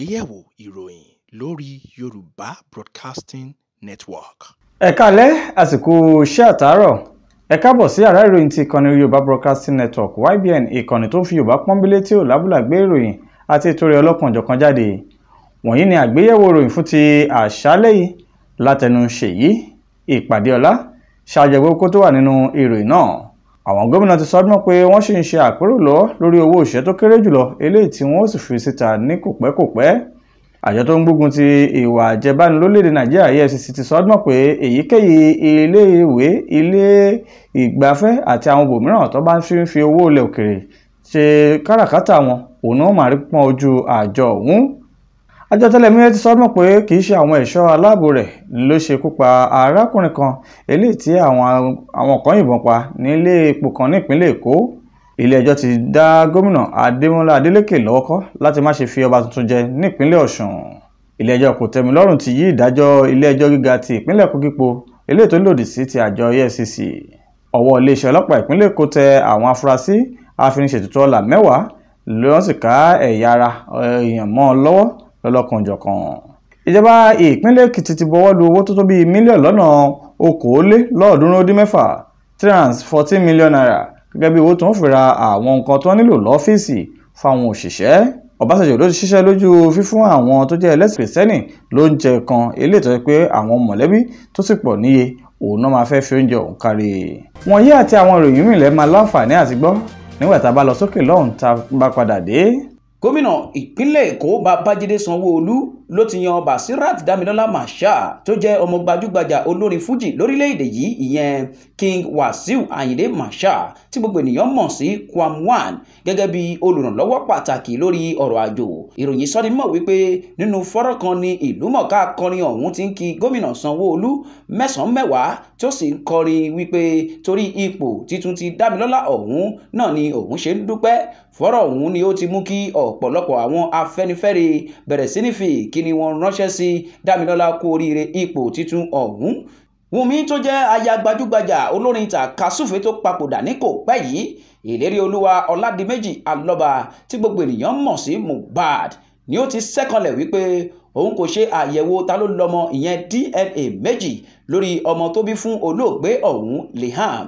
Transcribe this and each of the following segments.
àgbéyẹ̀wò ìròyìn lórí Yorùbá Broadcasting Network. ẹ káalẹ́ àsìkò iṣẹ́ àtàárọ̀ ẹ káàbọ̀ sí àrá ìròyìn ti ìkànnì Yorùbá Broadcasting Network YBN ìkànnì tó ń fi Yorùbá pọ́nbélé tí ò lábùlà gbé ìròyìn àti ètò rẹ̀ ọlọ́kan jọ̀kan jáde wọ̀nyí ni àgbéyẹ̀wò ìròyìn fún ti àṣálẹ́ yìí látẹnu Ṣèyí Ìpàdéọlá ṣàjẹ̀wò kó tó wà nínú ìròyìn náà àwọn gómìnà ti sọdún pé wọ́n sì ń ṣe àpérò lọ lórí owó òṣìṣẹ́ tó kéré jùlọ eléyìí tí wọ́n sì fi síta ní kòpẹ́kòpẹ́ àjọ tó ń gbógun ti ìwà àjẹbánu lórílẹ̀‐èdè nàìjíríà EFCC ti sọdún pé èyíkéyìí iléèwé ilé ìgbafẹ́ àti àwọn ibòmíràn tó bá ń fi owó ilẹ̀ òkèrè ṣe káràkátà wọn òun náà máa rí pọ́n ojú àjọ ọ̀hún àjọ tẹlẹmúyẹ́ ti sọmọ pé kì í ṣe àwọn ẹ̀ṣọ́ aláàbò rẹ̀ ló ṣekú pa arákùnrin kan eléyìí tí àwọn kan yìnbọn pa nílé epo kan nípínlẹ̀ èkó ilé-ẹjọ́ ti dá gómìnà adémọlá adélékè lọ́wọ́ kọ́ láti má ṣe fi ọba tuntun jẹ nípínlẹ̀ ọ̀ṣun ilé-ẹjọ́ kòtẹ́milọ́rùn ti yí ìdájọ́ ilé-ẹjọ́ gíga ti ìpínlẹ̀ kogipo eléyìí tó lòdì sí ti àjọ efcc ọwọ́ iléeṣẹ́ ọlọ́pàá ìpínlẹ̀ èkó tẹ àwọn afurasí afiniṣètùtù ọlà mẹ́wàá ló sì ká ẹ̀yà ara eh, èèyàn mọ́ ọ lọ́wọ́ lọ́lọ́kanjọ̀kan ìjọba ìpínlẹ̀ èkìtì ti bọwọ́ lu owó tó tó bíi mílíọ̀nù lọ́nà okòólélọ́ọ̀ọ́dúnrún ó dín mẹ́fà three hundred fourteen million naira gẹ́gẹ́ bí owó tó ń fi ra àwọn nǹkan tó nílò lọ́fíìsì fáwọn òṣìṣẹ́ Ọbásanjọ́ ló ti ṣiṣẹ́ lójú fífún àwọn tó jẹ́ ẹlẹ́sìn kìrìsìtẹ́nì lóúnjẹ kan eléyìí tó jẹ́ pé àwọn mọ̀lẹ́bí tó sì pọ̀ níye òun náà máa fẹ́ fi oúnjẹ òun kárí. wọ̀nyí àti àwọn ìròyìn mìíràn máa láǹfààní àti gbọ́ nígbà tá a bá lọ sókè lọ́hùn tá a bá padà dé gómìnà ìpínlẹ̀ èkó babájídé sanwóolu ló ti yan basirat damilọla masha tó jẹ́ ọmọ gbajúgbajà olórin fuji lórílẹ̀‐èdè yìí ìyẹn king wasiu ayinde masha tí gbogbo ènìyàn mọ̀ sí kwamwan gẹ́gẹ́ bí olùrànlọ́wọ́ pàtàkì lórí ọ̀rọ̀ àjò ìròyìn sọ́ni mọ̀ wípé nínú fọ́rọ̀ kan ni ìlúmọ̀ọ́ká akọrin ọ̀hún ti ń kí gómìnà sanwóolu mẹ́sàn-án mẹ́wàá tó sì ń kọrin wípé torí ipò titun ti damilọla ọ̀hún náà ni òun ṣe ń dúpẹ́ fọ́rọ̀ ọ̀ ọ̀pọ̀lọpọ̀ àwọn afẹ́nifẹ́re bẹ̀rẹ̀ sí ní fi kíni wọn ránṣẹ́ sí Dámilọ́lá kú oríire ipò titun ọ̀hún Wùmí tó jẹ́ aya gbajúgbajà olórin tàkasúfè tó papòdà ní kò pẹ́ yìí ìlérí olúwa ọ̀làdìmẹ́jì alọ́ba tí gbogbo ènìyàn mọ̀ sí Mohbad ni ó ti sẹ́kànlẹ̀ wípé òun kò ṣe àyẹ̀wò ta ló lọ́mọ ìyẹn DNA méjì lórí ọmọ tó bí fún olóògbé ọ̀hún Liam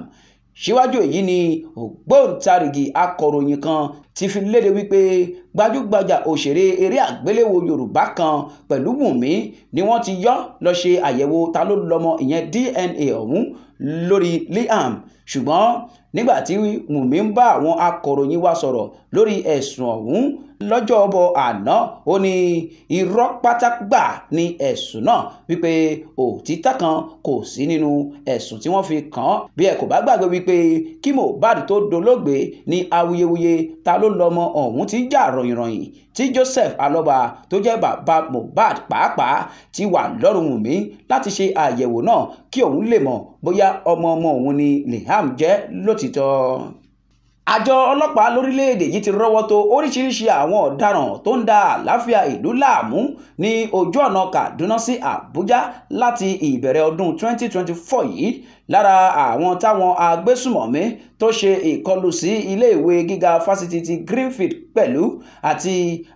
síwájú èyí ni ògbóǹtarìgì akọ̀ròyìn kan ti fi léde wípé gbajúgbajà òṣèré eré àgbéléwò yorùbá kan pẹ̀lú wùnmí ni wọ́n ti yọ́ lọ ṣe àyẹ̀wò ta ló lọ́mọ ìyẹn dna ọ̀hún lórí liam ṣùgbọ́n nígbà tí Wùmí ń bá àwọn akọ̀ròyìn wa sọ̀rọ̀ lórí ẹ̀sùn ọ̀hún lọ́jọ́bọ̀ àná ó ní irọ́ pátágbà ni ẹ̀sùn náà wípé òtítọ́ kan kò sí nínú ẹ̀sùn tí wọ́n fi kàn án bí ẹ kò bá gbàgbé wípé kí Mohbad tó dolóògbé ní awuyewuye ta ló lọ́mọ ọ̀hún ti ń jà ròyìnròyìn tí Joseph Aloba tó jẹ́ bàbá Mohbad pàápàá ti wà lọ́rùn Wùmí láti ṣe àyẹ̀wò náà kí òun lè mọ̀ bóyá ọmọ ọmọ òun ni Liam jẹ́ ló òtítọ́ àjọ ọlọ́pàá lórílẹ̀‐èdè yìí ti rọ́wọ́ tó oríṣiríṣi àwọn ọ̀daràn tó ń da àlàáfíà ìlú láàmú ní ojú ọ̀nà Kaduna sí Àbújá láti ìbẹ̀rẹ̀ ọdún 2024 yìí lára àwọn táwọn agbésùmọ̀mí tó ṣe ìkọlù sí iléèwé gíga fásitì ti Greenfield pẹ̀lú àti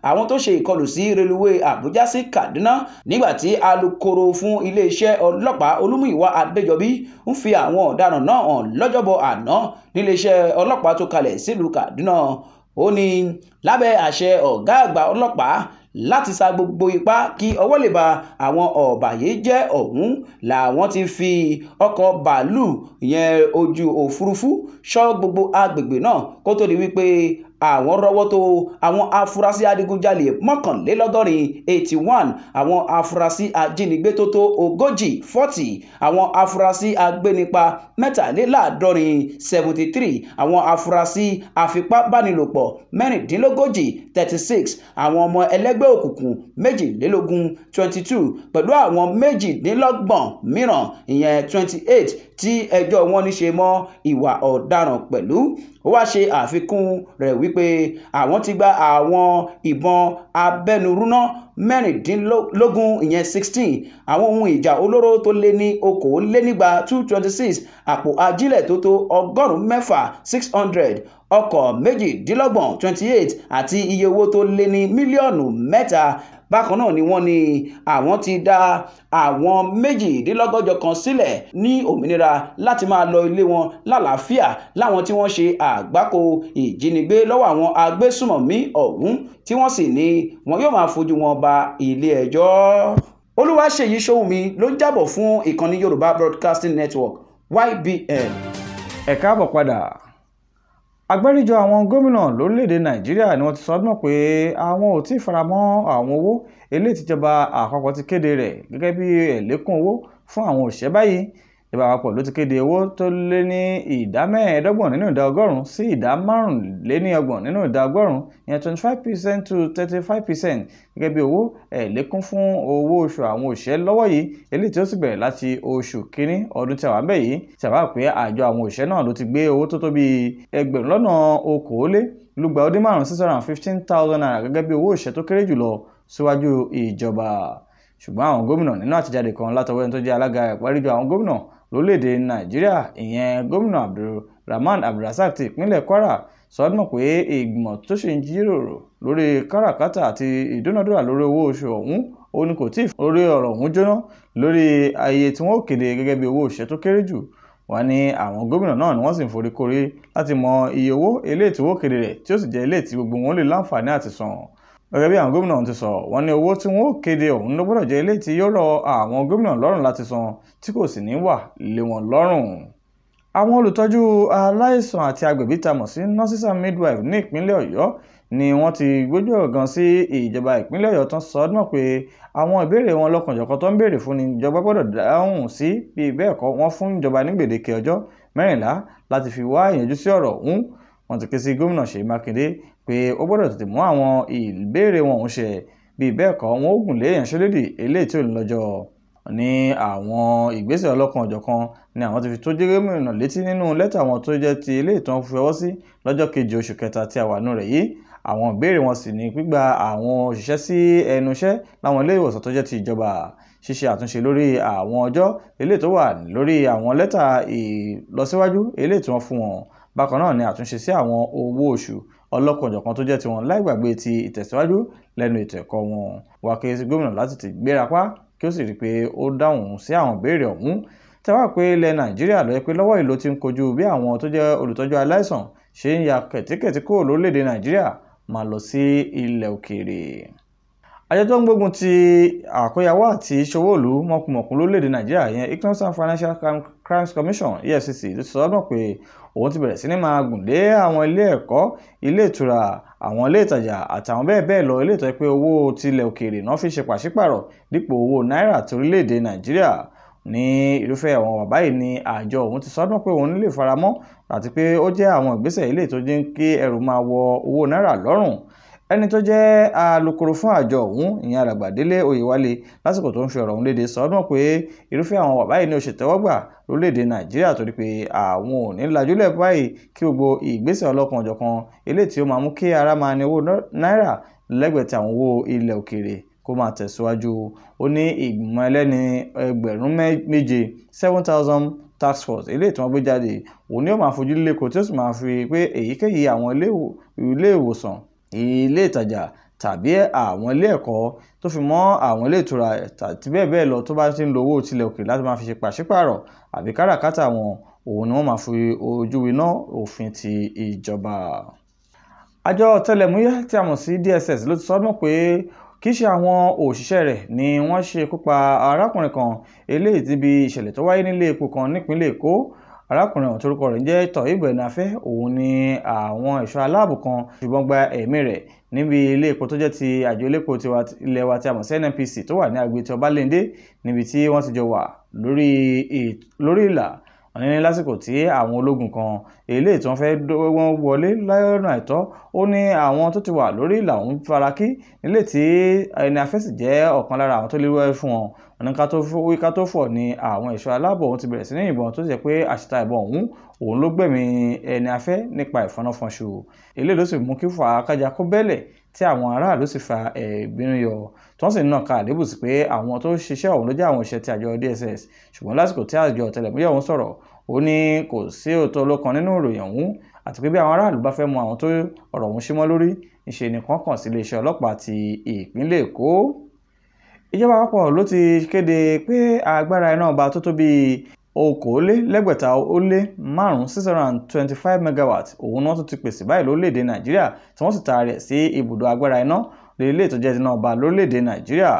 àwọn tó ṣe ìkọlù sí reluwé Àbújá sí Kaduna nígbàtí alukoro fún iléeṣẹ́ ọlọ́pàá Olúmúyìwá Adéjọbí ń fi àwọn ọ̀daràn náà hàn lọ́jọ́bọ̀ àná níléeṣẹ́ ọlọ́pàá tó kalẹ̀ sílùú Kaduna ó ní lábẹ́ àṣẹ ọ̀gá àgbà ọlọ́pàá láti sa gbogbo ipá kí ọwọ́ lè ba àwọn ọ̀bàyéjẹ́ ọ̀hún làwọn ti fi ọkọ̀ bàálù ìyẹn ojú òfurufú ṣọ́ gbogbo agbègbè náà kó tó di wípé àwọn rọ́wọ́ tó àwọn afurasí adigunjalè mọ́kànlélọ́gọ́rin eighty one àwọn afurasí ajínigbé tó tó ogójì forty àwọn afurasí agbénipa mẹ́tàléláàádọ́rin seventy three àwọn afurasí afipábánilòpọ̀ mẹ́rìndínlógójì thirty six àwọn ọmọ ẹlẹ́gbẹ́ òkùnkùn méjìlélógún twenty two pẹ̀lú àwọn méjìdínlọ́gbọ̀n mìíràn ìyẹn twenty eight tí ẹjọ́ wọn ní ṣe mọ́ ìwà ọ̀daràn pẹ̀lú ó wá ṣe àfikún rẹ̀ wí wípé àwọn ti gba àwọn ìbọn abẹ́nurúná mẹ́rìndínlógún ìyẹn sixteen àwọn ohun ìjà olóró tó lé ní okòólénígba two twenty six àpò ajílẹ̀ tó tó ọgọ́rùn-ún mẹ́fà six hundred ọkọ̀ méjìdínlọ́gbọ̀n twenty eight àti iye owó tó lé ní mílíọ̀nù mẹ́ta bákan náà ni wọ́n ní àwọn ti dá àwọn méjìdínlọ́gọ́jọ kan sílẹ̀ ní òmìnira láti máa lọ ilé wọn lálàáfíà láwọn tí wọ́n ṣe àgbákò ìjínigbé lọ́wọ́ àwọn agbésùmọ̀mí ọ̀hún tí wọ́n sì ní wọn yóò máa fojú wọn ba ilé ẹjọ́ olúwaṣèyí ṣòwùmí ló ń jábọ̀ fún ìkànnì yorùbá broadcasting network ybn ẹ káàbọ̀ padà àgbáríjọ àwọn gómìnà lórílẹ̀‐èdè nàìjíríà ni wọ́n ti sọ ọ́ pé àwọn ò tí ì faramọ́ àwọn owó eléyìí tíjọba àpapọ̀ ti kéde rẹ̀ gẹ́gẹ́ bíi ẹ̀lékún owó fún àwọn òṣìṣẹ́ báyìí ìjọba àpapọ̀ ló ti kéde owó tó lé ní ìdá mẹ́ẹ̀ẹ́dọ́gbọ̀n nínú ìdá ọgọ́rùn-ún sí ìdá márùnléníọgbọ̀n nínú ìdá ọgọ́rùn-ún ìyẹn twenty five percent to thirty five percent gẹ́gẹ́ bí owó ẹ̀ẹ́lékún fún owó oṣù àwọn òṣìṣẹ́ lọ́wọ́ yìí eléyìí tí ó sì bẹ̀rẹ̀ láti oṣù kínní ọdún tí a wà ń bẹ̀ yìí tí a bá pé àjọ àwọn òṣìṣẹ́ náà ló ti gbé owó tó tó ẹgbẹ̀rún lọ́nà okòólé lùgbà ó dín márùn six hundred and fifteen thousand naira gẹ́gẹ́ bí owó òṣìṣẹ́ tó kéré jùlọ síwájú ìjọba ṣùgbọ́n àwọn gómìnà nínú àtijáde kan látọwọ́ ẹni tó jẹ́ alága ìparíjọ àwọn gómìnà lórílẹ̀‐èdè nàíjíríà ìyẹn gómìnà abdulrahman abdulrasaq ti ìpínlẹ̀ kwara sọ ọ́ mọ̀ pé ìgbìmọ̀ tó ṣì ń jíròrò lórí káràkátà àti ìdúnàdúrà lórí owó oṣù ọ̀hún ó ní kò tí ì orí ọ̀rọ̀ ọ̀hún jóná lórí ayé tí wọ́n kéde gẹ́gẹ́ bí owó òṣìṣẹ́ tó kéré jù wọ́n ní àwọn gómìnà náà ni wọ́n sì ń forí korí láti mọ iye owó eléyìí tí wọ́n kéde rẹ̀ tí ó sì jẹ́ eléyìí tí gbogbo wọn lè láǹfààní àti san gẹ́gẹ́ bí àwọn gómìnà ti sọ wọ́n ní owó tí wọ́n ó kéde ọ̀hún ló gbọ́dọ̀ jẹ́ eléyìí tí yóò rọ̀ àwọn gómìnà lọ́rùn láti san tí kò sì ní wà lé wọn lọ́rùn àwọn olùtọ́jú aláìsàn àti agbègbè tá mọ̀ sí nurses and midwife ní ìpínlẹ̀ ọ̀yọ́ ni wọ́n ti gbójú ọ̀gàn sí ìjọba ìpínlẹ̀ ọ̀yọ́ tán sọ ọdún pé àwọn ìbéèrè wọn lọ́kànjọ̀kan tó ń béèrè fún ni ìjọba gbọ́dọ̀ dáhùn sí bí bẹ́ẹ̀ kọ́ wọ́n fún ìjọba ní ọjọ́ mẹ́rìnlá láti fi wá ìyanjú sí ọ̀rọ̀ ọ̀hún wọ́n ti ké sí gómìnà Ṣèyí Mákindé pé ó gbọ́dọ̀ tètè mú àwọn ìbéèrè wọn ọ̀hún ṣẹ bí bẹ́ẹ̀ kọ́ wọn ó gùn lé ìyanṣẹ́lódì eléyìí tí ò ní lọ́jọ́ ní àwọn ìgbésẹ̀ ọlọ́kan ọ̀jọ̀kan ni àwọn ti fi tó jẹ́ gómìnà létí nínú lẹ́tà àwọn tó jẹ́ ti eléyìí tí wọ́n fi ọwọ́ sí lọ́jọ́ kejì oṣù kẹta tí a wà nù rẹ̀ yìí àwọn ìbéèrè wọn sì ní gbígba àwọn òṣìṣẹ́ sí ẹnu iṣẹ́ láwọn ilé ìwòsàn tó jẹ́ ti ìjọba ṣíṣe àtúnṣe lórí àwọn ọjọ́ eléyìí tó wà lórí àwọn lẹ́tà ìlọsíwájú eléyìí tí wọ́n fún wọn bákan náà ni àtúnṣe sí àwọn owó oṣù ọlọ́kanòjọ̀kan tó jẹ́ tiwọn láì gbàgbé ti ìtẹ̀síwájú lẹ́nu ètò ẹ̀kọ́ wọn wá ké sí gómìnà láti ti gbérapá kí ó sì rí i pé ó dáhùn sí àwọn ìbéèrè ọ̀hún tẹ́wà pé ilẹ̀ nàìjíríà ló yẹ pé lọ́wọ́ ìlú ti ń kojú bí àwọn tó jẹ́ olùtọ́jú aláìsàn ṣe ń ya kẹ̀tíkẹ̀tí kúrò lórílẹ̀‐èdè nàìjíríà máa lọ sí ilẹ̀ òkèèrè àjọ tó ń gbógun ti àkóyawọ́ àti ìṣòwò ìlú mọ̀kùmọ̀kù lórílẹ̀‐èdè nàìjíríà yẹn economic financial crimes commission efcc ló ti sọ ọ́ náà pé òun ti bẹ̀rẹ̀ sí ní máa gùn lé àwọn ilé ẹ̀kọ́ ilé ìtura àwọn ilé ìtajà àtàwọn bẹ́ẹ̀ bẹ́ẹ̀ lọ ilé ìtọ́jú pé owó tilẹ̀ òkèèrè náà fi ṣe pàṣípàrọ̀ dípò owó náírà torílẹ̀-èdè nàìjíríà ní irúfẹ́ àwọn wà báyìí ni àjọ òun ti sọdún pé òun lè faramọ́ àti pé ó jẹ́ àwọn ìgbésẹ̀ ilé ìtọ́jú ń kí ẹrù máa wọ owó náírà lọ́rùn ẹni tó jẹ́ alukoro fún àjọ ọ̀hún ìyẹn alàgbà délé oyèwálé lásìkò tó ń fi ọ̀rọ̀ ọ̀hún léde sọ ọdún pé irúfẹ́ àwọn wà báyìí ni ó ṣètẹ́wọ́gbà lórílẹ̀‐èdè nàìjíríà torí pé àwọn ò ní lajúlẹ̀ báyìí kí gbogbo ìgbésẹ̀ ọlọ́kan ọ̀jọ̀kan eléyìí tí ó máa mú kí ara máa ní owó náírà lẹ́gbẹ̀ẹ́ tí àwọn owó ilẹ̀ òkèèrè kó máa tẹ̀síwájú ó ní ìgbìmọ̀ ẹlẹ́ni ẹgbẹ̀rún méje seven thousand task force eléyìí tí wọ́n gbé jáde òun ni ó máa fojú líle kò tí ó sì máa fi pé èyíkéyìí àwọn ilé ìwòsàn ilé ìtajà tàbí àwọn ilé ẹ̀kọ́ tó fi mọ́ àwọn ilé ìtura àti bẹ́ẹ̀ bẹ́ẹ̀ lọ tó bá ti ń lo owó tilẹ̀ òkèèrè láti máa fi ṣe pàṣípààrọ̀ àbí káràkátà wọn òun ni wọ́n máa fi ojú winá òfin ti ìjọba. àjọ ọ̀tẹlẹ̀múyẹ́ tí a mọ̀ sí DSS ló ti sọ mọ̀ pé kì í ṣe àwọn òṣìṣẹ́ rẹ̀ ni wọ́n ṣekú pa arákùnrin kan eléyìí ti bí ìṣẹ̀lẹ̀ tó wáyé nílé epo kan nípínlẹ̀ Èkó arákùnrin ọ̀hún torúkọ rẹ̀ ń jẹ́ tohib enafẹ́ òun ni àwọn ẹ̀ṣọ́ aláàbò kan ṣùgbọ́n gba ẹ̀mí rẹ̀ níbi ilé epo tó jẹ́ ti àjọ elépo ilẹ̀ wa ti àmọ̀ sí NNPC tó wà ní agbètì ọbalẹ́ndé níbi tí wọ́n ti jọ wà lórí ìlà ní lásìkò tí àwọn ológun kan eléyìí tí fẹ́ wọ́n wọlé lọ́nà àìtọ́ ó ní àwọn tó ti wà lórí ìlà ọ̀hún fara nílé tí ẹni afẹ́sì jẹ́ ọ̀kan lára àwọn tó léwọ́ fún wọn ọ̀nà ká tó fọ̀ ni àwọn ẹ̀ṣọ́ aláàbọ̀ ọ̀hún ti bẹ̀rẹ̀ sí ní ìbọn tó sì jẹ́ pé àṣìta ìbọn ọ̀hún òun ló gbẹ̀mí ẹni afẹ́ nípa ìfọnáfọnṣu eléyìí ló sì mú kí fàákájà kó bẹ́lẹ̀ tí àwọn aráàlú sì fa ẹ̀gbínú yọ tí wọ́n sì ń nàka àlébù sí pé àwọn tó ṣiṣẹ́ ọ̀hún ló jẹ́ àwọn òṣìṣẹ́ ti àjọ DSS ṣùgbọ́n lásìkò tí àjọ ọ̀tẹlẹ̀múyẹ́ ọ̀hún sọ̀rọ̀ ó ní kò sí òótọ́ ló kan nínú ìròyìn ọ̀hún àti pé bí àwọn aráàlú bá fẹ́ mọ àwọn tó ọ̀rọ̀ ọ̀hún símọ́ lórí ìṣe nìkan kàn sí iléeṣẹ́ ọlọ́pàá ti ìpínlẹ̀ Èkó ìjọba àpapọ̀ ló ti kéde pé agbára iná ọba tó tó bíi okòólélẹ́gbẹ̀ta ó lé márùn-ún six hundred and twenty-five megawatt òun náà tún ti pèsè báyìí lórílẹ̀‐èdè nàìjíríà tí wọ́n sì taari ẹ̀ sí ibùdó agbára iná lélẹ̀ tó jẹ́ iná ọba lórílẹ̀‐èdè nàìjíríà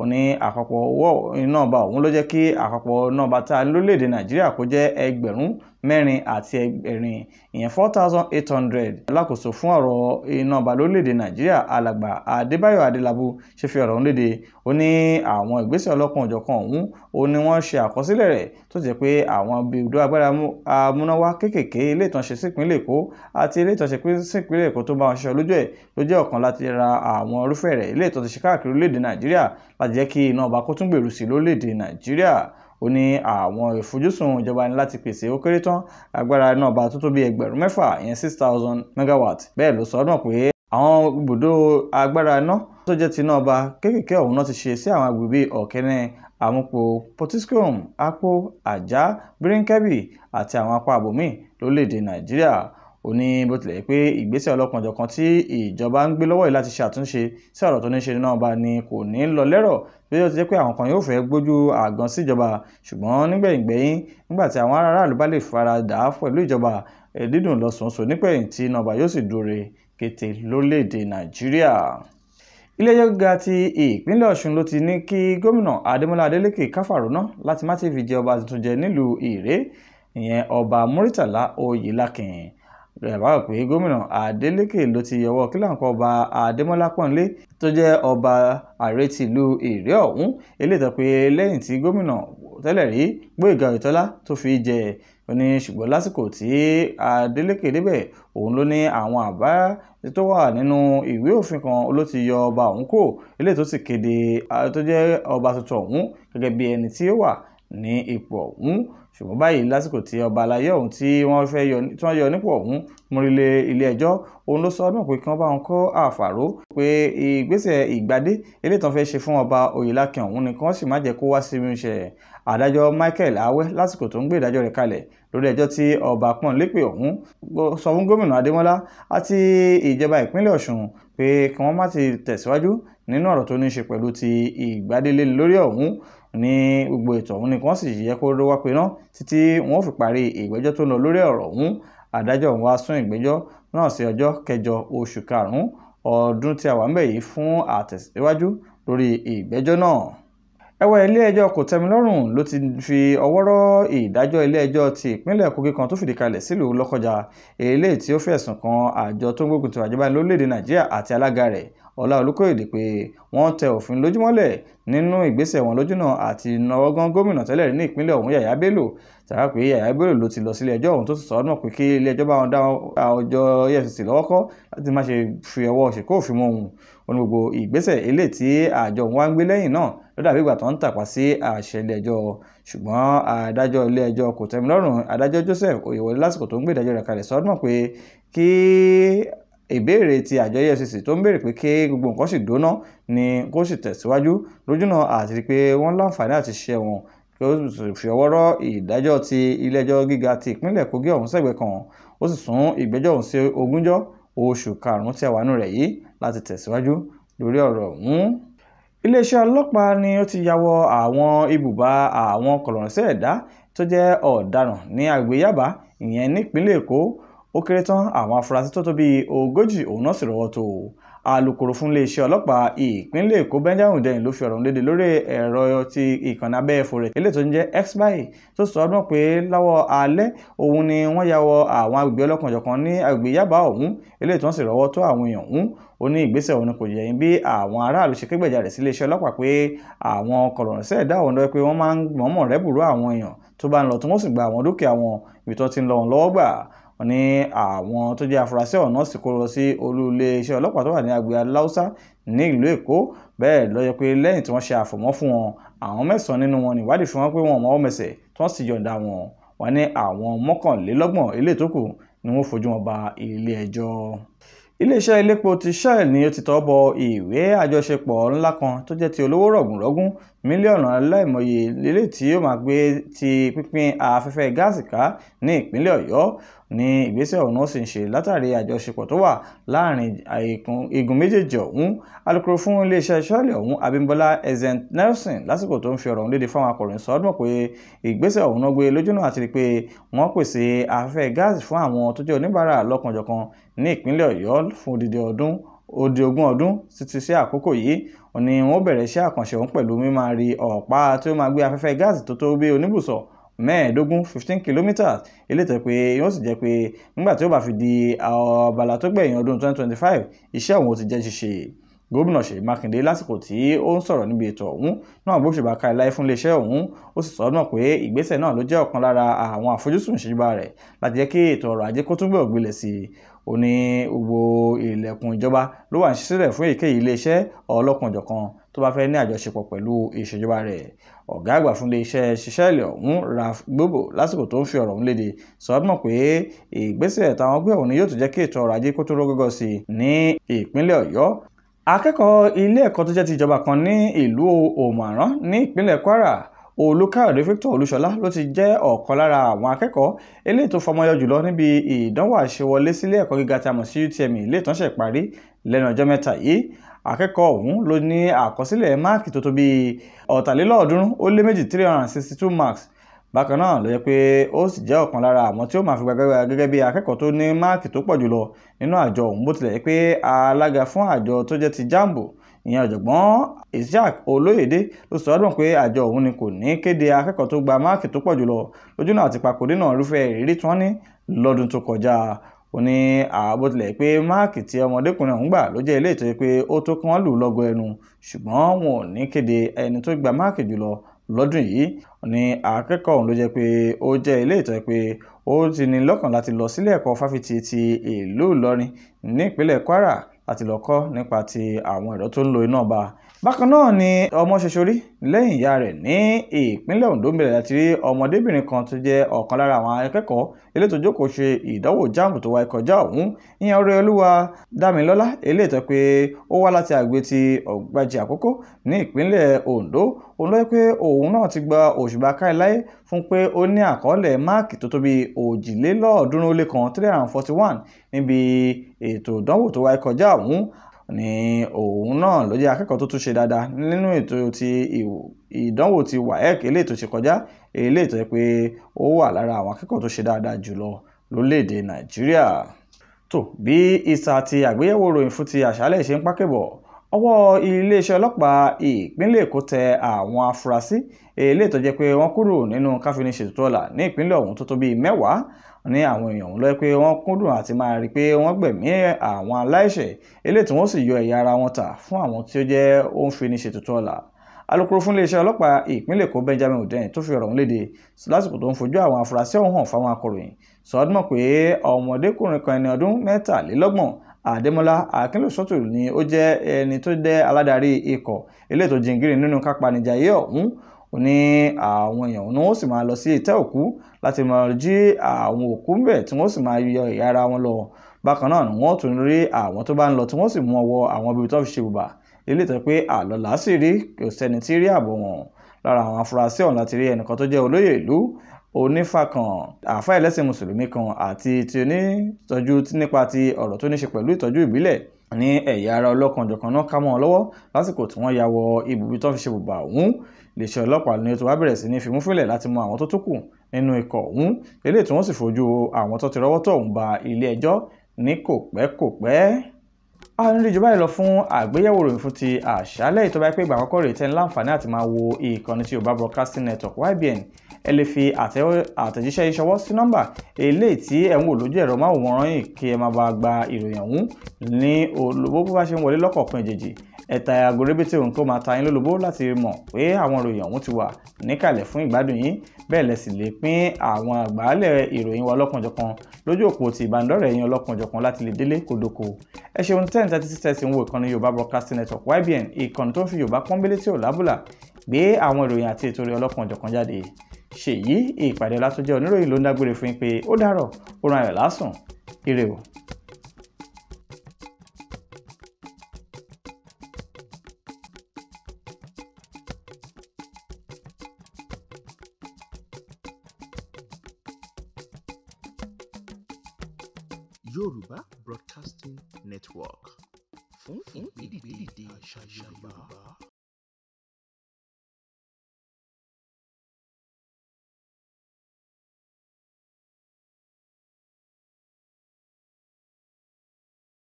ó ní àpapọ̀ owó iná ọba òun ló jẹ́ kí àpapọ̀ iná ọba tá a lórílẹ̀‐èdè nàìjíríà kó jẹ́ ẹgbẹ̀rún mẹ́rin àti ẹgbẹ̀rin ìyẹn four thousand eight hundred. alákòóso fún ọ̀rọ̀ iná ọba lórílẹ̀‐èdè nàìjíríà alàgbà adébáyọ̀ adélábù ṣe fi ọ̀rọ̀ ọ̀hún léde ó ní àwọn ìgbésẹ̀ ọlọ́kan òjọ̀kan ọ̀hún ó ní wọ́n ṣe àkọsílẹ̀ rẹ̀ tó jẹ́ pé àwọn ibùdó agbára amúnáwá kéékèèké ilé ìtànṣe sípínlẹ̀ èkó àti ilé ìtànṣe sípínlẹ̀ èkó tó bá wọn ṣiṣẹ́ lójú ẹ̀ ló jẹ́ ọ̀kan láti ra àwọn irúfẹ́ rẹ̀ ilé ìtànṣe káàkiri orílẹ̀-èdè nàìjíríà láti jẹ́ kí iná ọba kó tún gbèrú sí lórílẹ̀-èdè nàìjíríà ó ní àwọn ìfojúsùn ìjọba ní láti pèsè ó kéré tán agbára iná ọba tó tó bí ẹgbẹ̀rún mẹ́fà ìyẹn six thousand megawatt bẹ́ẹ̀ ló sọ ọ́ náà pé àwọn ibùdó agbára iná tó jẹ́ ti iná ọba kéékèèké ọ̀hún náà ti ṣe sí àwọn agbègbè ọ̀kẹ́nẹ́ àmúpo potiskum akpo ajá bírínkẹ́bì àti àwọn apá àbòmíì lórílẹ̀‐èdè nàìjíríà ó ní bó tilẹ̀ jẹ́ pé ìgbésẹ̀ ọlọ́kanjọ̀kan tí ìjọba ń gbé lọ́wọ́ yìí láti ṣe àtúnṣe sí ọ̀rọ̀ tó ní ṣe iná ọba ni kò ní lọ lẹ́rọ̀ bí ó ti jẹ́ pé àwọn kan yóò fẹ́ gbójú àgàn síjọba ṣùgbọ́n nígbẹ̀yìngbẹ́yín nígbà tí àwọn aráàlú bá lè fara dà á pẹ̀lú ìjọba dídùn lọ́sọ̀ọ́sọ̀ yóò sì dúró kété lórílẹ̀‐èdè nàìjíríà ilé-ẹjọ́ gíga ti ìpínlẹ̀ ló ti ní kí gómìnà adémọlá adélèké láti má fi jẹ ọba tuntun jẹ nílùú ire ìyẹn ọba rẹ̀wá pé gómìnà adeleke ló ti yọwọ́ kílàǹkọ́ ọba adémọ́lá pọ́nlé tó jẹ́ ọba ààrẹ tìlú ìrẹ́ ọ̀hún eléyìí tó pé lẹ́yìn tí gómìnà tẹ́lẹ̀ rí gbóyèga oyètọ́lá tó fi jẹ ó ní ṣùgbọ́n lásìkò tí adeleke débẹ̀ òun ló ní àwọn àbá tó wà nínú ìwé òfin kan ló ti yọ ọba ọ̀hún kò eléyìí tó sì kéde tó jẹ́ ọba tuntun ọ̀hún gẹ́gẹ́ bí ẹni tí ó wà ní ipò ọ̀hún ṣùgbọ́n báyìí lásìkò tí ọba alayé ọ̀hún tí wọ́n fẹ́ yọ tí wọ́n yọ nípò ọ̀hún múrílé ilé-ẹjọ́ òun ló sọ ọdún pé kí wọ́n bá wọn kọ́ àfàró pé ìgbésẹ̀ ìgbàdé eléyìí tán fẹ́ ṣe fún ọba oyèlákin ọ̀hún ni kí wọ́n sì má jẹ́ kó wá sí ìmúṣẹ adájọ́ michael awẹ́ lásìkò tó ń gbé ìdájọ́ rẹ̀ kalẹ̀ lórí ẹjọ́ tí ọba pọ́nlépè ọ̀hún sọ fún gómìnà adémọ́lá àti ìjọba ìpínlẹ̀ ọ̀ṣun pé kí wọ́n má ti tẹ̀síwájú nínú ọ̀rọ̀ tó ní í ṣe pẹ̀lú ti ìgbàdélé lórí ọ̀hún ní gbogbo ètò ọ̀hún nìkan sì yẹ kó ló wá pé ná títí wọn ò fi parí ìgbẹ́jọ́ tó ń lọ lórí ọ̀rọ̀ ọ̀hún adájọ́ ọ̀hún wá sún ìgbẹ́jọ́ náà sí ọjọ́ kẹjọ oṣù karùn-ún ọdún tí a wà ń bẹ̀ yìí fún àtẹ̀síwájú lórí ìgbẹ́jọ́ náà ẹ̀wẹ̀ ilé-ẹjọ́ kòtẹ́milọ́rùn ló ti fi ọwọ́ rọ́ ìdájọ́ ilé-ẹjọ́ ti ìpínlẹ̀ kogi kan tó fìdí kalẹ̀ sílùú lọ́kọjà eléyìí tí ó fẹ̀sùn kan àjọ tó ń gbógun ti ìwà ìjẹbánu lórílẹ̀ nàìjíríà àti alága rẹ̀ Ọlá Olúkòyèdè pé wọ́n tẹ òfin lójú mọ́lẹ̀ nínú ìgbésẹ̀ wọn lójúnà àti ìnáwọ́gán gómìnà tẹ́lẹ̀ rí ní ìpínlẹ̀ ọ̀hún Yàyà Bello tàbí pé Yàyà Bello ló ti lọ sílé ẹjọ́ ọ̀hún tó sì sọ́nà pé kí ilé ẹjọ́ bá wọn dá àjọ EFCC lọ́wọ́ kọ́ láti má ṣe fi ọwọ́ ṣèkó òfin mọ́ òun ó ní gbogbo ìgbésẹ̀ eléyìí tí àjọ òun wá ń gbé lẹ́yìn náà ló dàbí ìgbà tó ń tàpá sí àṣẹ ilé ẹjọ́ ṣùgbọ́n adájọ́ ilé ẹjọ́ Joseph Oyèwọlé lásìkò tó ń gbé ìdájọ́ rẹ̀ kalẹ̀ sọ́dún pé kí ìbéèrè tí àjọ efcc tó ń béèrè pé kí gbogbo nǹkan sì dóná ni kó sì tẹ̀síwájú lójúnà àti rí pé wọ́n láǹfààní àti ṣẹ̀wọ̀n kí ó sì fi ọwọ́ rọ́ ìdájọ́ ti iléẹjọ́ gíga ti ìpínlẹ̀ kogi ọ̀hún sẹ́gbẹ̀ẹ́ kan ó sì sún ìgbẹ́jọ́ ọ̀hún sí ogúnjọ́ oṣù karùn-ún tí a wà nù rẹ̀ yìí láti tẹ̀síwájú lórí ọ̀rọ̀ ọ̀hún iléeṣẹ́ ọlọ́pàá ni ó ti ya àwọn ibùba àwọn kọ̀lọ̀rọ̀sẹ̀ ẹ̀dá tó jẹ́ ọ̀daràn ní agbèyàbá ìyẹn nípínlẹ̀ èkó ó kéré tán àwọn afurasí tó tó bíi ogójì òun náà sì rọ́wọ́ tó alūkkóró fún iléeṣẹ́ ọlọ́pàá ìpínlẹ̀ èkó benjamin hundeyin ló fi ọ̀rọ̀ léde lórí ẹ̀rọ ti ìkànnì abẹ́ẹ̀fọ́ rẹ̀ eléyìí tó ń jẹ́ x báyìí tó sọ ọdún pé láwọ alẹ́ òun ni wọ́n ya wọ àwọn agbègbè ọlọ́kanjọ̀kan ní agbègbè yaba ọ̀hún eléyìí tó ń sì rọ́wọ́ tó àwọn èèyàn ọ̀hún ó ní ìgbésẹ̀ òun kò yẹ̀yìn bí àwọn aráàlú ṣe kégbèjáde sí iléeṣẹ́ ọlọ́pàá pé àwọn kọ̀rọ̀ǹsẹ́ ẹ̀dá ọ̀hún lọ́wọ́ pé wọ́n máa ń mọ̀ọ́mọ̀ rẹ́bùrú àwọn èèyàn tó bá ń lọ tí wọ́n sì gba àwọn dúkìá wọn ibi tó ń lọ́wọ́ gbà wọ́n ní àwọn tó jẹ́ afurasí ọ̀nà sì kó lọ sí olú iléeṣẹ́ ọlọ́pàá tó wà ní agbègbè aláùsá ní ìlú èkó bẹ́ẹ̀ ló jẹ́ pé lẹ́yìn tí wọ́n ṣe àfọ̀mọ́ fún wọn àwọn mẹ́sàn-án nínú wọn níwádìí fi wọ́n pé wọn mọ́ mẹsẹ̀ tí wọ́n sì yọ̀ǹda wọn wọ́n ní àwọn mọ́kànlélọ́gbọ̀n ilé tó ni wọ́n fojú wọn ba ilé ẹjọ́ iléeṣẹ́ elépo ti shell ni ó ti tọ́ bọ ìwé àjọṣepọ̀ ńlá kan tó jẹ́ ti olówó rọ̀gùnrọ̀gùn mílíọ̀nù aláìmọye lélẹ̀ tí máa gbé ti pínpín afẹ́fẹ́ gáàsì ká ní ìpínlẹ̀ ọ̀yọ́ ní ìgbésẹ̀ ọ̀hún sì ń ṣe látàrí àjọṣepọ̀ tó wà láàrin igun méjèèjì ọ̀hún alukoro fún iléeṣẹ́ sọ́ọ̀lì ọ̀hún abimbola ezen nelson lásìkò tó ń fi ọ̀rọ̀ léde fáwọn akọ̀ròyìn sọ ọdún pé ìgbésẹ̀ ọ̀hún náà gbé lójúnà àti pé wọ́n pèsè afẹ́ gáàsì fún àwọn tó jẹ́ oníbàárà lọ́kànjọ̀kan ní ìpínlẹ̀ ọ̀yọ́ fún odidi ọdún odi ogún ọdún títí sí àkókò yìí ni wọ́n bẹ̀rẹ̀ iṣẹ́ àkànṣe ọ̀hún pẹ̀lú mímáa rí ọ̀pá tí ó máa gbé afẹ́fẹ́ gáàsì tó tó bí oníbùsọ̀ mẹ́ẹ̀ẹ́dógún fifteen kilometres eléyìí tó pé yóò sì jẹ́ pé nígbà tí ó bá fi di abala tó gbẹ̀yìn ọdún twenty twenty five iṣẹ́ òun ti jẹ́ ṣíṣe gómìnà ṣèyí mákindé lásìkò tí ó ń sọ̀rọ̀ níbi ètò ọ̀hún náà bó ṣe bá ka ẹláyé fún iléeṣẹ́ ọ̀hún ó sì sọ náà pé ìgbésẹ̀ náà ló jẹ́ ọ̀kan lára àwọn àfojúsùn ìṣèjọba rẹ̀ láti jẹ́ kí ètò ọrọ̀ ajé kó túnbọ̀ gbilẹ̀ sí i ó ní gbogbo ilẹ̀kùn ìjọba ló wà ń ṣíṣílẹ̀ fún èyíkéyìí iléeṣẹ́ ọlọ́kanòjọ̀kan tó bá fẹ́ ní àjọṣepọ̀ pẹ̀lú ìṣèjọba rẹ̀ ọ̀gá àgbà fún iléeṣẹ́ ṣiṣẹ́ ilẹ̀ ọ̀hún Ralph Gbogbo lásìkò tó ń fi ọ̀rọ̀ ọ̀hún léde sọ mọ̀ pé ìgbésẹ̀ táwọn gbé ọ̀hún yóò tún jẹ́ kí ètò ọrọ̀ ajé kó tó rógógó sí i ní ìpínlẹ̀ Ọ̀yọ́ akẹ́kọ̀ọ́ ilé ẹ̀kọ́ tó jẹ́ ti ìjọba kan ní ìlú Òmàrán ní ìpínlẹ̀ Kwara Olúkáyọ̀dé Victor Olúṣọlá ló ti jẹ́ ọ̀kan lára àwọn akẹ́kọ̀ọ́ eléyìí tó fọmọyọ jùlọ níbi ìdánwò àṣewọlé sílé ẹ̀kọ́ gíga tí a mọ̀ sí UTME ilé ìtànṣe parí lẹ́nu ọjọ́ mẹ́ta yìí akẹ́kọ̀ọ́ ọ̀hún ló ní àkọsílẹ̀ máàkì tó tó bíi ọ̀tàlélọ́ọ̀ọ́dúnrún ó lé méjì three hundred and sixty two marks bákan náà ló yẹ pé ó sì jẹ́ ọ̀kan lára àwọn tí ó máa fi gbàgbà gẹ́gẹ́ bí akẹ́kọ̀ọ́ tó ní máàkì tó pọ̀ jùlọ nínú àjọ ọ̀hún bó tilẹ̀ pé alága fún àjọ tó jẹ́ ti jambo ìyẹn ọ̀jọ̀gbọ́n Isiaq Olóyèdé ló sọ ọdún pé àjọ òun ni kò ní kéde akẹ́kọ̀ọ́ tó gba máàkì tó pọ̀ jùlọ lójúnà àti papòdé irúfẹ́ ìrírí tí wọ́n ní lọ́dún tó kọjá ó ní ààbò tilẹ̀ pé máàkì tí ọmọdékùnrin ọ̀hún gbà ló jẹ́ ilé ìtọ́jú pé ó tó kán lù lọ́gọ ẹnu ṣùgbọ́n wọn ò ní kéde ẹni tó gba máàkì jùlọ lọ́dún yìí ní akẹ́kọ̀ọ́ ọ̀hún ló jẹ́ pé ó jẹ́ ilé ìtọ́jú pé ó ti ní lọ́kàn láti lọ sílé ẹ̀kọ́ fáfitì ti ìlú Ìlọrin ní ìpínlẹ̀ Kwara láti lọ nípa ti àwọn ẹ̀rọ tó ń lo iná ọba bákan náà ni ọmọ ṣoṣo rí lẹ́yìn ìyá rẹ̀ ní ìpínlẹ̀ Ondo mẹ́rẹ̀ láti rí ọmọdébìnrin kan tó jẹ́ ọ̀kan lára àwọn akẹ́kọ̀ọ́ elétò jókòó ṣe ìdánwò jáàmù tó wáyé kọjá ọ̀hún ìyẹn Ọrẹ́olúwa Dámilọ́lá eléyìí tó pé ó wá láti àgbè ti Ọ̀gbàjì Àkókò ní ìpínlẹ̀ Ondo òun ló pé òun náà ti gba òṣùbà káìláyé fún pé ó ní àkọọ́lẹ̀ máàkì tó tó bí lé kan three hundred and forty one níbi ètò ìdánwò tó wáyé kọjá ọ̀hún ni òun náà ló jẹ́ akẹ́kọ̀ọ́ tó tún ṣe dáadáa nínú ètò ti ìdánwò ti waec eléyìí tó ṣe kọjá eléyìí tó yẹ pé ó wà lára àwọn akẹ́kọ̀ọ́ tó ṣe dáadáa jùlọ lórílẹ̀‐èdè nàìjíríà tó bí ìsà ti àgbéyẹ̀wò ròyìn fún ti àṣálẹ̀ ṣe ń pákẹ́bọ̀ ọwọ́ iléeṣẹ́ ọlọ́pàá ìpínlẹ̀ èkó tẹ àwọn afurasí eléyìí jẹ́ pé wọ́n kúrò nínú káfíńṣètò ọ̀la ní ìpínlẹ̀ ọ̀hún tó tó bíi mẹ́wàá ní àwọn èèyàn ọ̀hún lọ́wọ́ pé wọ́n kúndùn àti máa rí i pé wọ́n gbẹ̀mí àwọn aláìṣẹ̀ eléyìí tí wọ́n sì yọ ẹ̀yà ara wọn tà fún àwọn tí ó jẹ́ ó ń fi ní ṣètùtù ọ̀la alukoro fún iléeṣẹ́ ọlọ́pàá ìpínlẹ̀ èkó benjamin hundeyin tó fi ọ̀rọ̀ ọ̀hún léde lásìkò tó ń fojú àwọn afurasí ọ̀hún hàn fáwọn akọ̀ròyìn sọdún mọ̀ pé ọmọdékùnrin kan ẹni ọdún mẹ́tàlélọ́gbọ̀n àdèmọ́lá akínlòsọ́tù ni ó jẹ́ ẹni tó jẹ́ aládarí ikọ̀ eléyìí tó jìngírin nínú kápánijayé ọ̀hún ó ní àwọn èèyàn ni wọ́n sì máa lọ sí ìtẹ́ òkú láti máa jí àwọn òkú ń bẹ̀ tí wọ́n sì máa yọ ìyá ara wọn lọ bákan náà ni wọ́n tún rí àwọn tó bá ń lọ tí wọ́n sì mú ọwọ́ àwọn ibi tó fi ṣe bùbà ilé ìtọ́ pé àlọ́ làásì rí kò sẹ́ni tí rí àbọ̀ wọn lára àwọn afurasí ọ̀hún láti rí ẹnìkan tó jẹ́ olóyè ìlú onífà kan ẹlẹ́sìn mùsùlùmí kan àti ti onítọ́jú nípa ti ọ̀rọ̀ tó ní ṣe pẹ̀lú ìtọ́jú ìbílẹ̀ ní ẹ̀yà ara ọlọ́kan-ò-jọ̀kan náà ká mọ́ wọn lọ́wọ́ lásìkò tí wọ́n ya wọ ibùbí tó fi ṣe bùbà ọ̀hún iléeṣẹ́ ọlọ́pàá ní ètò wa bẹ̀rẹ̀ sí ní fimú fílẹ̀ láti mọ àwọn tó tó kù nínú ikọ̀ ọ̀hún eléyìí tí wọ́n sì fojú àwọn tó ti rọ́wọ́ tó ọ̀hún ba ilé-ẹjọ́ ní kò pẹ́ kò pẹ́. a ní rí jù báyìí lọ fún àgbéyẹ̀wò ìròyìn fún ti àṣálẹ́ ìtọ́ba pé ìgbà àkọ́kọ́ rèé wo ìkànnì ti Yorùbá Network YBN ẹ lè fi àtẹ̀jíṣẹ́ yìí ṣọwọ́ sí nọ́mbà eléyìí tí ẹ̀ ń wò lójú ẹ̀rọ máwòrán yìí kí ẹ máa bá a gba ìròyìn ọ̀hún ní olùbó bó bá ṣe ń wọlé lọ́kọ̀ọ̀kan èjèèjì ẹ̀ta aago rébètè òun tó máa ta yín lólobó láti mọ̀ pé àwọn ìròyìn ọ̀hún ti wà níkàlẹ̀ fún ìgbádùn yín bẹ́ẹ̀ lẹ sì lè pín àwọn àgbàálẹ̀ ìròyìn wa lọ́kànjọ̀kan lójú òpó ti ìbánidọ́rẹ̀ẹ́ yín ọlọ́kànjọ̀kan láti lè délé kódoko ẹ ṣeun ten thirty six thirty ń wo ìkànnì yorùbá broadcasting network ybn ìkànnì tó ń fi yorùbá pọ́nbélé tí ò lábùlà gbé àwọn ìròyìn àti ètò rẹ̀ ọlọ́kànjọ̀kan jáde ṣèyí ìpàdé ọlátúnjẹ oníròyìn ló ń dágbére fún yín pé ó dàrọ̀ ó ran ayọ̀ lásùn ire o.